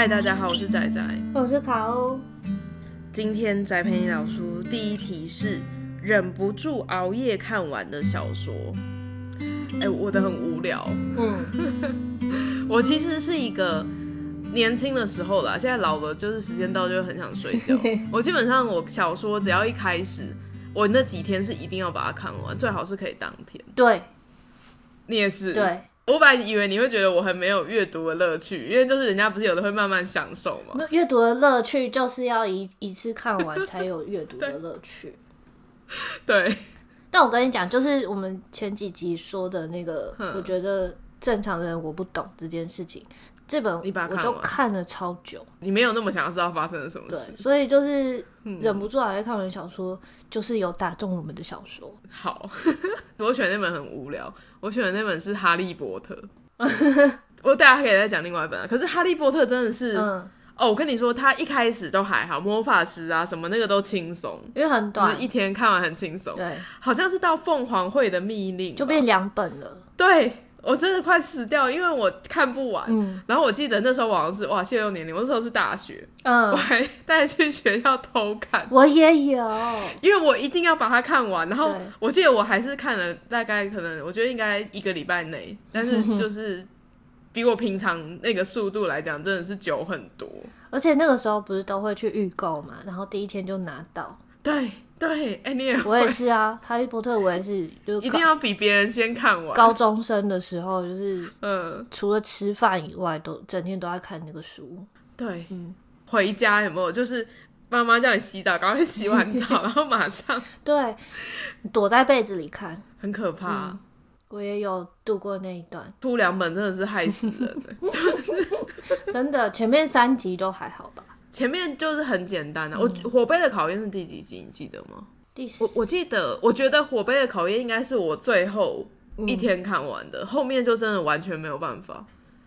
嗨，大家好，我是仔仔，我是卡歐。今天宅陪你聊書，第一題是忍不住熬夜看完的小說。哎、欸，我的很無聊。嗯， 我其實是一個年輕的時候啦，現在老了，就是時間到就很想睡覺。 我基本上我小說只要一開始，我那幾天是一定要把它看完，最好是可以當天。對，你也是。對。我本來以為你會覺得我很沒有閱讀的樂趣，因為就是人家不是有的會慢慢享受嗎？閱讀的樂趣就是要一一次看完才有閱讀的樂趣。 對。但我跟你講，就是我們前幾集說的那個，我覺得正常的人我不懂這件事情。這本你我就看了超久，你沒有那麼想要知道發生了什麼事，所以就是忍不住還會看看完小說、嗯，就是有打中我們的小說。好， 我選那本很無聊，我選的那本是《哈利波特。》 我等下可以再講另外一本、啊、可是《哈利波特》真的是、嗯，哦，我跟你說，他一開始都還好，魔法師啊什麼那個都輕鬆，因為很短，就是一天看完很輕鬆。對，好像是到鳳凰會的密令，就變兩本了。對。我真的快死掉了，因為我看不完，嗯。然後我記得那時候好像是哇，現在年齡，我那時候是大學，嗯，我還帶去學校偷看。我也有，因為我一定要把它看完。然後我記得我還是看了大概可能，我覺得應該一個禮拜內，但是就是比我平常那個速度來講，真的是久很多。而且那個時候不是都會去預購嘛，然後第一天就拿到。對對、欸，你也，我也是啊，《哈利波特》我也是，就是，就一定要比別人先看完。高中生的時候，就是呃除了吃飯以外都，都、嗯、整天都在看那個書。對，嗯、回家有沒有？就是媽媽叫你洗澡，趕快洗完澡， 然後馬上對，躲在被子裡看，很可怕。嗯、我也有度過那一段，出兩本真的是害死人的、 就是，真的。前面三集都還好吧？前面就是很簡單的、啊，我、嗯、火杯的考驗是第幾集？你記得嗎？第四我我記得，我覺得火杯的考驗應該是我最後一天看完的、嗯，後面就真的完全沒有辦法，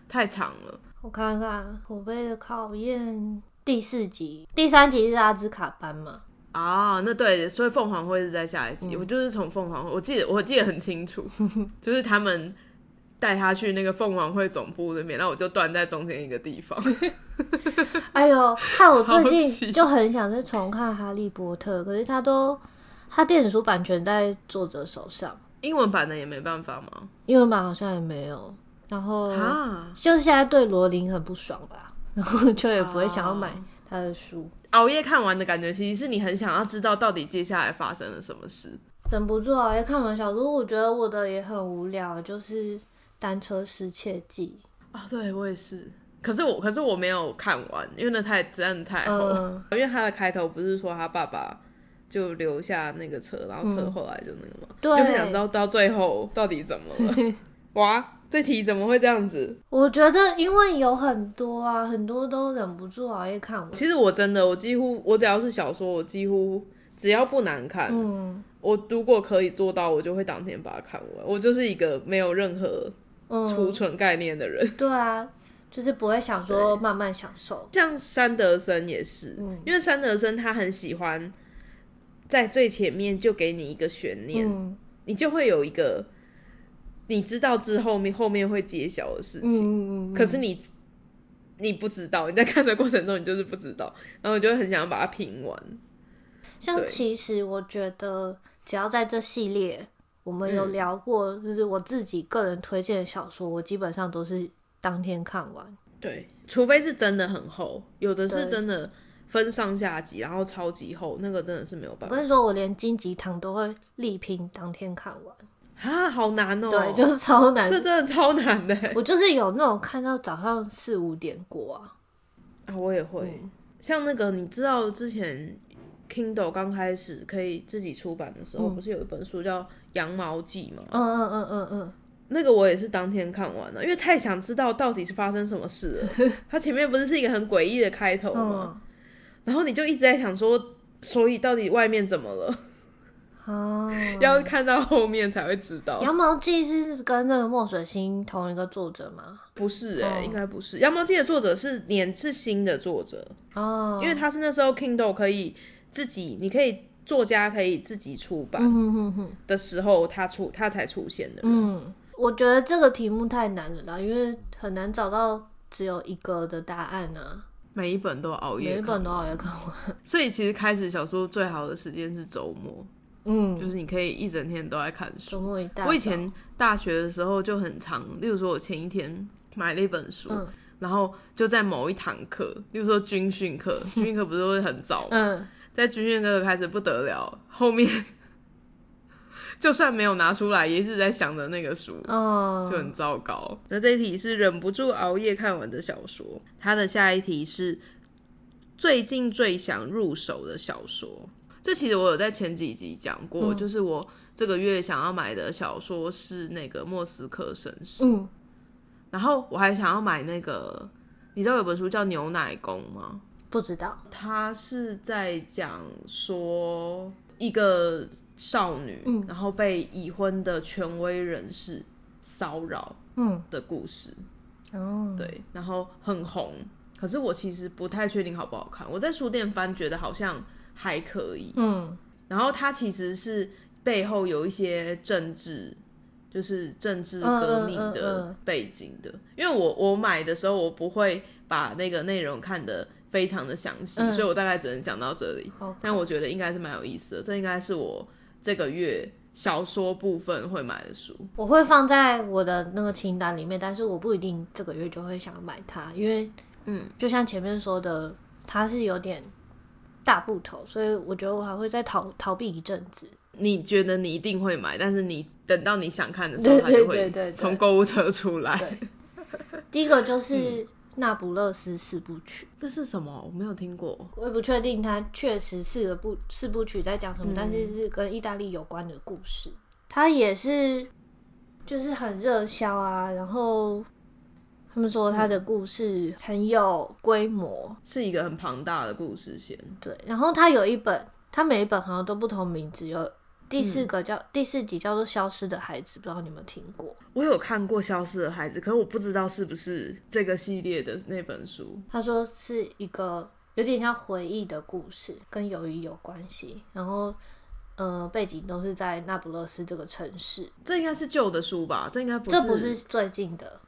太長了。我看看火杯的考驗第四集，第三集是阿茲卡班嘛？啊，那對，所以鳳凰會是在下一集。嗯、我就是從鳳凰我記得我記得很清楚， 就是他們。帶他去那個鳳凰會總部那邊，然後我就斷在中間一個地方。 哎呦，害我最近就很想再重看《哈利波特》，可是他都他電子書版權在作者手上，英文版的也沒辦法嗎？英文版好像也沒有。然後啊，就是現在對羅琳很不爽吧？然後就也不會想要買他的書。啊，熬夜看完的感覺，其實是你很想要知道到底接下來發生了什麼事，忍不住熬，啊，夜看完小說。我覺得我的也很無聊，就是。單車失竊記啊，對我也是，可是我可是我沒有看完，因為那太真的太厚了。嗯，因為它的開頭不是說他爸爸就留下那個車，然後車後來就那個嘛對、嗯、就很想知道到最後到底怎麼了。 哇，這題怎麼會這樣子？我覺得因為有很多啊，很多都忍不住熬夜看完。其實我真的，我幾乎我只要是小說，我幾乎只要不難看，嗯、我如果可以做到，我就會當天把它看完。我就是一個沒有任何。儲存 概念的人、嗯，對啊，就是不會想說慢慢享受。像山德森也是、嗯，因為山德森他很喜歡在最前面就給你一個懸念、嗯，你就會有一個你知道之後面後面會揭曉的事情，嗯嗯嗯嗯，可是你你不知道，你在看的過程中你就是不知道，然後你就會很想要把它拼完。像其實我覺得，只要在這系列。我們有聊過，就是我自己個人推薦的小說、嗯，我基本上都是當天看完。對，除非是真的很厚，有的是真的分上下集，然後超級厚，那個真的是沒有辦法。我跟你說，我連《荊棘堂》都會力拼當天看完。啊，好難哦、喔！對，就是超難，嗯、這真的超難的。我就是有那種看到早上四五點過啊。啊，我也會。嗯、像那個，你知道之前 Kindle 剛開始可以自己出版的時候，不是有一本書叫？羊毛記嘛，嗯嗯嗯嗯嗯，那個我也是當天看完了，因為太想知道到底是發生什麼事了。他 前面不是是一個很詭異的開頭嗎，嗯？然後你就一直在想說，所以到底外面怎麼了？哦，嗯， 要看到後面才會知道。羊毛記是跟那個墨水星同一個作者嗎？不是誒，欸嗯，應該不是。羊毛記的作者是年志新的作者哦，嗯。因為他是那時候 Kindle 可以自己，你可以。作家可以自己出版的時候，嗯、哼哼他出他才出現的。嗯，我覺得這個題目太難了，因為很難找到只有一個的答案呢、啊。每一本都熬夜，每一本都熬夜看完。 所以其實開始小說最好的時間是周末。嗯，就是你可以一整天都在看書。週末一大早。我以前大學的時候就很常，例如說我前一天買了一本書，嗯、然後就在某一堂課，例如說軍訓課， 軍訓課不是會很早在軍訓那個開始不得了，後面 就算沒有拿出來，也一直在想着那個書，就很糟糕。Oh. 那這一題是忍不住熬夜看完的小說，它的下一題是最近最想入手的小說。這其實我有在前幾集講過，嗯，就是我這個月想要買的小說是那個《莫斯科紳士》。嗯，然後我還想要買那個，你知道有本書叫《牛奶工》嗎？不知道，他是在講說一個少女，嗯，然後被已婚的權威人士騷擾的故事，嗯，對，然後很紅，可是我其實不太確定好不好看。我在書店翻，覺得好像還可以，嗯，然後它其實是背後有一些政治，就是政治革命的背景的，啊啊啊啊，因為我我買的時候，我不會把那個內容看的。非常的詳細、嗯，所以我大概只能講到這裡。但我覺得應該是蠻有意思的，Okay. 這應該是我這個月小說部分會買的書，我會放在我的那個清單裡面。但是我不一定這個月就會想買它，因為嗯，就像前面說的，它是有點大部頭，所以我覺得我還會再逃逃避一陣子。你覺得你一定會買，但是你等到你想看的時候，對對對對對對，它就會從購物車出來。 第一個就是。嗯那不勒斯四部曲，這是什麼？我沒有聽過，我也不確定。它確實是個部四部曲，在講什麼，嗯？但是是跟意大利有關的故事。它也是，就是很熱銷啊。然後他們說它的故事很有規模，嗯，是一個很龐大的故事線。對，然後它有一本，它每一本好像都不同名字。有。第四個叫、嗯、第四集叫做《消失的孩子》，不知道你們有沒有聽過。我有看過《消失的孩子》，可是我不知道是不是這個系列的那本書。他說是一個有點像回憶的故事，跟友誼有關係，然後，呃，背景都是在那不勒斯這個城市。這應該是舊的書吧？這應該不是，這不是最近的。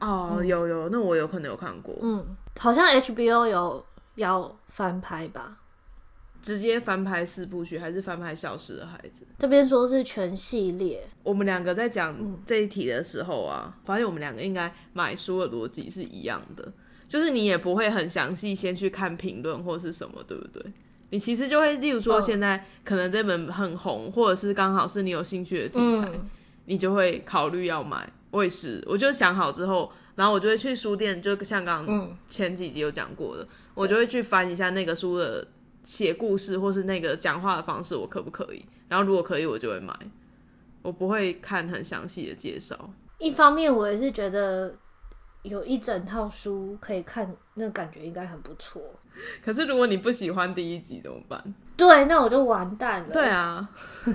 哦、嗯，有有，那我有可能有看過。嗯，好像 HBO 有要翻拍吧。直接翻拍四部曲，還是翻拍《消失的孩子》？這邊說是全系列。我們兩個在講這一題的時候啊，發、嗯、現我們兩個應該買書的邏輯是一樣的，就是你也不會很詳細先去看評論或是什麼，對不對？你其實就會，例如說現在可能這本很紅，哦、或者是剛好是你有興趣的題材，嗯、你就會考慮要買。我也是，我就想好之後，然後我就會去書店，就像剛前幾集有講過的、嗯，我就會去翻一下那個書的寫故事或是那個講話的方式，我可不可以？然後如果可以，我就會買。我不會看很詳細的介紹。一方面，我也是覺得有一整套書可以看，那感覺應該很不錯。可是，如果你不喜歡第一集怎麼辦？對，那我就完蛋了。對啊，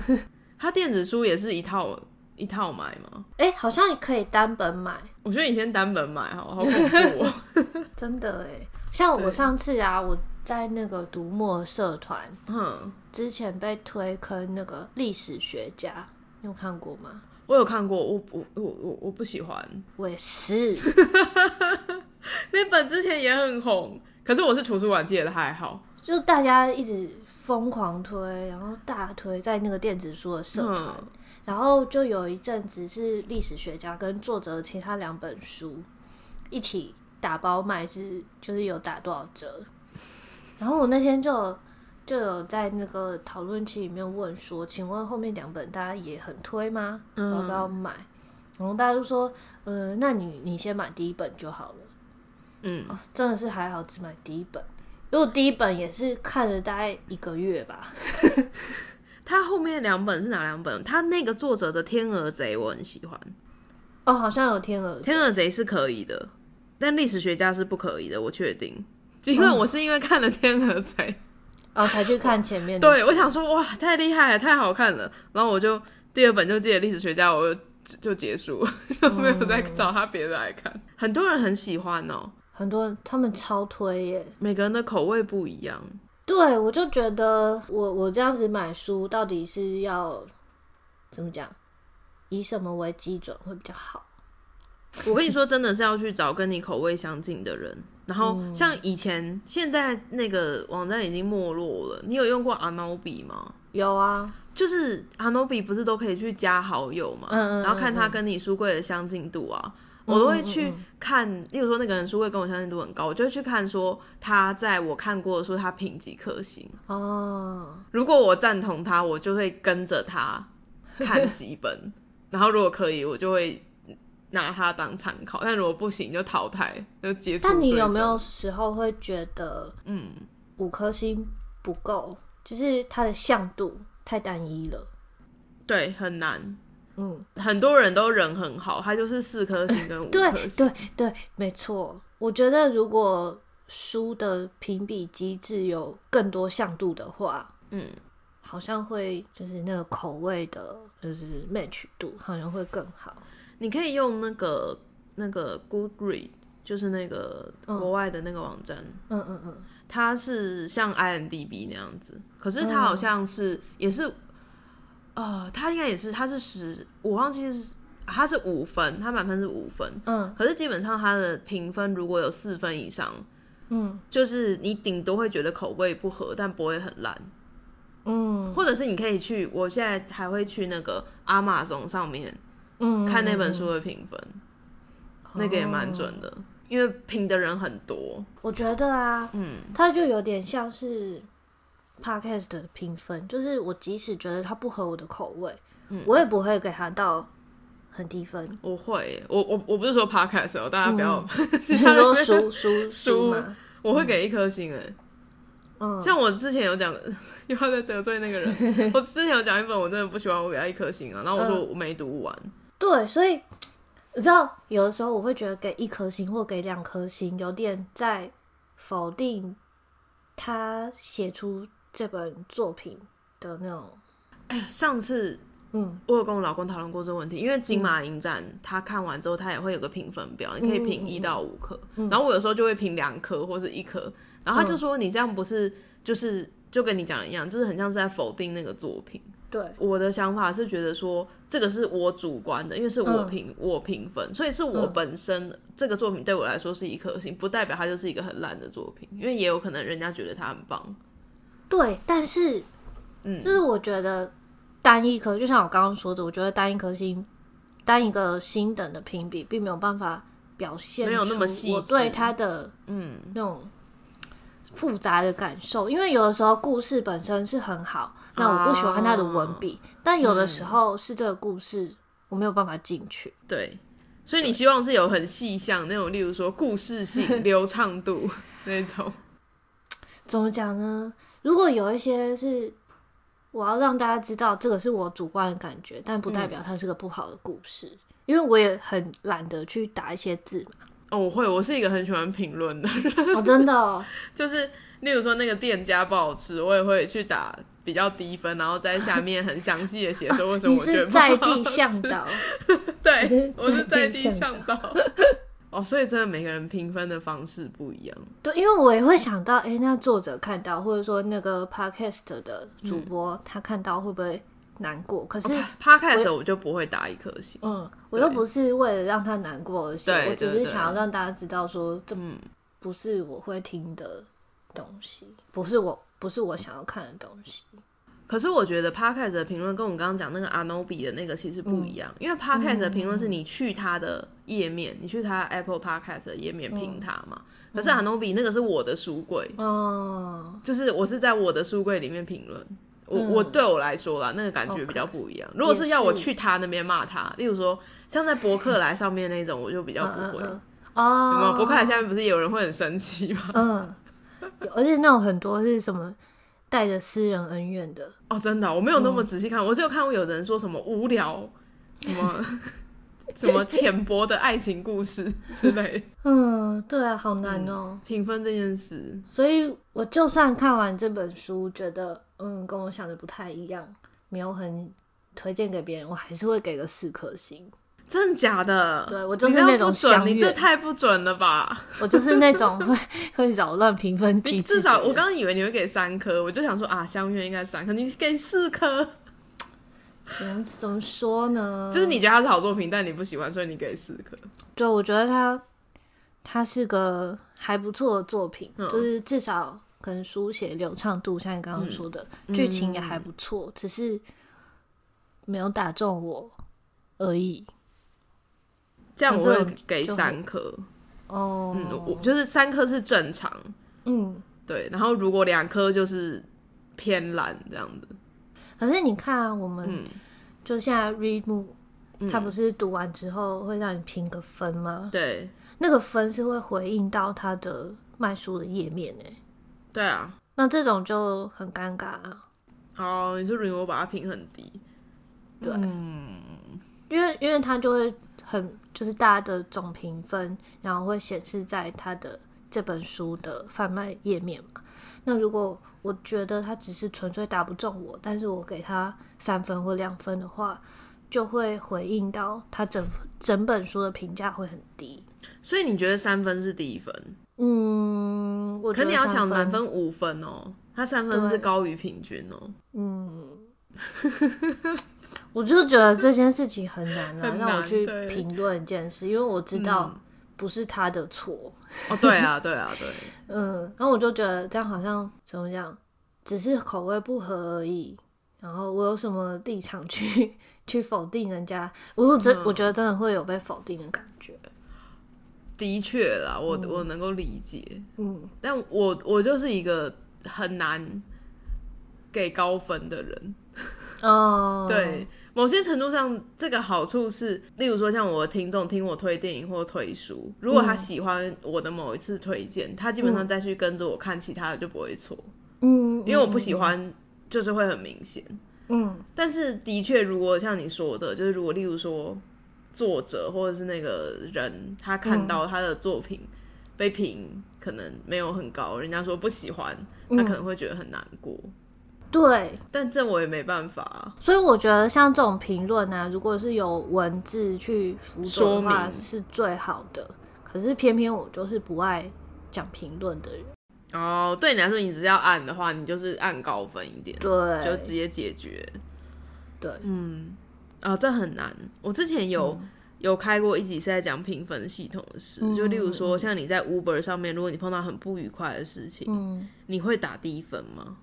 他電子書也是一套一套買嗎？哎、欸，好像可以單本買。我覺得你先單本買，好好恐怖哦、喔。 真的哎、欸，像我上次啊，我。在那個讀墨社團，嗯，之前被推坑那個歷史學家，你有看過嗎？我有看過，我我我我我不喜歡。我也是， 那本之前也很紅，可是我是圖書館借的，記得還好。就大家一直瘋狂推，然後大推在那個電子書的社團，嗯，然後就有一陣子是歷史學家跟作者的其他兩本書一起打包賣是，是就是有打多少折？然後我那天就有就有在那個討論區裡面問說，請問後面兩本大家也很推嗎？嗯、要不要買？然後大家都說，呃，那你你先買第一本就好了。嗯，哦、真的是還好只買第一本，因為第一本也是看了大概一個月吧。他後面兩本是哪兩本？他那個作者的《天鵝賊》我很喜歡。哦，好像有《天鵝天鵝賊》天鵝賊是可以的，但歷史學家是不可以的，我確定。因為我是因為看了《天鵝》才，哦，才去看前面的。對，我想說，哇，太厲害了，太好看了。然後我就第二本就記得歷史學家，我就就結束，就、oh. 沒有再找他別的來看。很多人很喜歡哦，很多人他們超推耶。每個人的口味不一樣。對，我就覺得我我這樣子買書，到底是要怎麼講？以什麼為基準會比較好？ 我跟你說，真的是要去找跟你口味相近的人。然後像以前、嗯，現在那個網站已經沒落了。你有用過 Anobii 嗎？有啊，就是 Anobii 不是都可以去加好友嘛，嗯，然後看他跟你書櫃的相近度啊，嗯，我都會去看。嗯、例如說，那個人書櫃跟我相近度很高，嗯、我就會去看說他在我看過的書，他評幾顆星。哦。如果我贊同他，我就會跟着他看幾本。 然後如果可以，我就會。拿它當參考，但如果不行就淘汰就結束。但你有沒有時候會覺得，嗯，五顆星不夠，就是它的向度太單一了？對，很難。嗯，很多人都人很好，他就是四顆星跟五顆星。對對對，沒錯。我覺得如果書的評比機制有更多向度的話，嗯，好像會就是那個口味的，就是 match 度好像會更好。你可以用那個那個 GoodRead，就是那個國外的那個網站。嗯嗯嗯,嗯，它是像 IMDB 那樣子，可是它好像是、嗯、也是，呃，它應該也是，它是十，我忘記是它是五分，它滿分是五分。嗯，可是基本上它的評分如果有四分以上，嗯，就是你頂多會覺得口味不合，但不會很爛。嗯，或者是你可以去，我現在還會去那個 Amazon 上面。嗯，看那本書的評分，嗯，那個也蠻準的，哦、因為評的人很多。我覺得啊，嗯，它就有點像是 Podcast 的評分，就是我即使覺得它不合我的口味，嗯，我也不會給它到很低分。我會，我我我不是說 Podcast，哦、喔，大家不要、嗯，是 說書書書， 輸 我會給一顆星，欸。誒。嗯，像我之前有講，有在得罪那個人， 我之前有講一本我真的不喜歡，我給他一顆星啊，然後我說我沒讀完。嗯對，所以你知道有的時候我會覺得給一顆星或給兩顆星有點在否定他寫出這本作品的那種。哎、上次嗯，我有跟我老公討論過這個問題，嗯、因為金馬影展他看完之後他也會有個評分表，嗯、你可以評一到五顆、嗯，然後我有時候就會評兩顆或者一顆、嗯，然後他就說，你這樣不是就是就跟你講的一樣，就是很像是在否定那個作品。對，我的想法是覺得說，這個是我主觀的，因為是我評、嗯、我評分，所以是我本身這個作品對我來說是一顆星、嗯，不代表它就是一個很爛的作品，因為也有可能人家覺得它很棒。對，但是，嗯，就是我覺得單一顆，就像我剛剛說的，我覺得單一顆星，單一個星等的評比，並沒有辦法表現，沒有那麼細緻，我對它的嗯，那種。複雜的感受，因為有的時候故事本身是很好，那我不喜歡他的文筆、哦，但有的時候是這個故事、嗯、我沒有辦法進去。對，所以你希望是有很細項那種，例如說故事性流、流暢度那種。怎麼講呢？如果有一些是我要讓大家知道，這個是我主觀的感覺，但不代表它是個不好的故事，嗯、因為我也很懶得去打一些字嘛。哦，我會，我是一個很喜歡評論的人。哦，真的、哦，就是例如說那個店家不好吃，我也會去打比較低分，然後在下面很詳細的寫說 為什麼我覺得不好吃、啊、你是在地向導， 對，我是在地向導。 哦，所以真的每個人評分的方式不一樣。對，因為我也會想到，哎、欸，那作者看到，或者說那個 podcast 的主播、嗯、他看到會不會？難過，可是、okay. podcast 我，我就不會打一顆星。嗯，我又不是為了讓他難過而寫，我只是想要讓大家知道說，這不是我會聽的東西，嗯、不是我不是我想要看的東西。可是我覺得 podcast 的評論跟我們剛剛講那個 Anobi 的那個其實不一樣，嗯、因為 podcast 的評論是你去他的頁面、嗯，你去他 Apple Podcast 的頁面評他嘛、嗯。可是 Anobi 那個是我的書櫃哦、嗯，就是我是在我的書櫃裡面評論。我我對我來說啦、嗯，那個感覺比較不一樣。Okay, 如果是要我去他那邊罵他，例如說像在博客來上面那種， 我就比較不會。啊、嗯，博客來下面不是有人會很生氣嗎？嗯，而且那種很多是什麼帶着私人恩怨的。哦，真的、哦，我沒有那麼仔細看、嗯，我只有看過有人說什麼無聊什麼。嗯 什麼淺薄的愛情故事之類？嗯，對啊，好難哦，嗯，評分這件事。所以我就算看完這本書，覺得嗯，跟我想的不太一樣，沒有很推薦給別人，我還是會給個四顆星。真的假的？對，我就是那種鄉願，你這太不準了吧？ 我就是那種會 會擾亂評分機制。你至少我剛剛以為你會給三顆，我就想說啊，鄉愿應該三顆，你給四顆。嗯，怎麼說呢？就是你覺得它是好作品，但你不喜歡，所以你給四顆。對，我覺得它它是個還不錯的作品，嗯，就是至少可能書寫流暢度，像你剛剛說的，劇、嗯、情也還不錯，嗯，只是沒有打中我而已。這樣我會給三顆、啊。哦，嗯，我就是三顆是正常。嗯，對。然後如果兩顆就是偏藍這樣子。可是你看、啊，我們就現在 readmo、嗯、它不是讀完之後會讓你評個分嗎、嗯？對，那個分是會回應到它的賣書的頁面哎。對啊，那這種就很尷尬啊。哦，你是認為我把它評很低？對，嗯、因為因為它就會很就是大家的總評分，然後會顯示在它的這本書的販賣頁面嘛。那如果我覺得他只是純粹打不中我，但是我給他三分或兩分的話，就會回應到他整整本書的評價會很低。所以你覺得三分是低分？嗯，我可你要想，滿分五分哦，他三分是高於平均哦。嗯， 我就覺得這件事情很難啊， 很難讓我去評論一件事，因為我知道、嗯。不是他的錯。哦，對啊，對啊，對。 嗯，然後我就覺得這樣好像怎麼講，只是口味不合而已。然後我有什麼立場去去否定人家？我真、嗯、我覺得真的會有被否定的感覺。的確啦，我、嗯、我能夠理解。嗯，但我我就是一個很難給高分的人。 哦，對。某些程度上，這個好處是，例如說像我聽眾聽我推電影或推書，如果他喜歡我的某一次推薦，嗯，他基本上再去跟着我看其他的就不會錯。嗯，因為我不喜歡，就是會很明顯，嗯。嗯，但是的確，如果像你說的，就是如果例如說作者或者是那個人，他看到他的作品被評可能沒有很高，人家說不喜歡，他可能會覺得很難過。對，但這我也沒辦法、啊，所以我覺得像這種評論呢，如果是有文字去輔助的話，是最好的。可是偏偏我就是不愛講評論的人。哦，對你來說，你只要按的話，你就是按高分一點，對，就直接解決。對，嗯，啊、哦，這很難。我之前有、嗯、有開過一集是在講評分系統的事、嗯，就例如說，像你在 Uber 上面，如果你碰到很不愉快的事情，嗯，你會打低分嗎？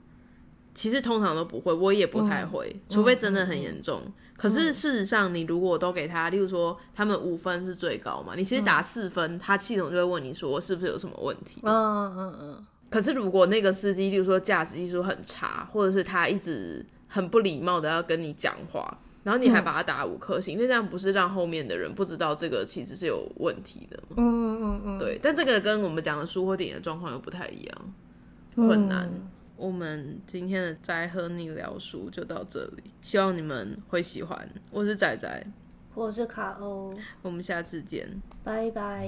其實通常都不會，我也不太會，嗯、除非真的很嚴重、嗯嗯。可是事實上，你如果都給他，例如說他們五分是最高嘛，你其實打四分、嗯，他系統就會問你說是不是有什麼問題。嗯嗯嗯，嗯，嗯。可是如果那個司機，例如說駕駛技術很差，或者是他一直很不禮貌的要跟你講話，然後你還把他打五顆星，那、嗯、這樣不是讓後面的人不知道這個其實是有問題的嗎？嗯嗯嗯嗯。對，但這個跟我們講的書或電影的狀況又不太一樣，困難。嗯我們今天的宅和你聊書就到這裡，希望你們會喜歡。我是仔仔，我是卡歐，我們下次見，拜拜。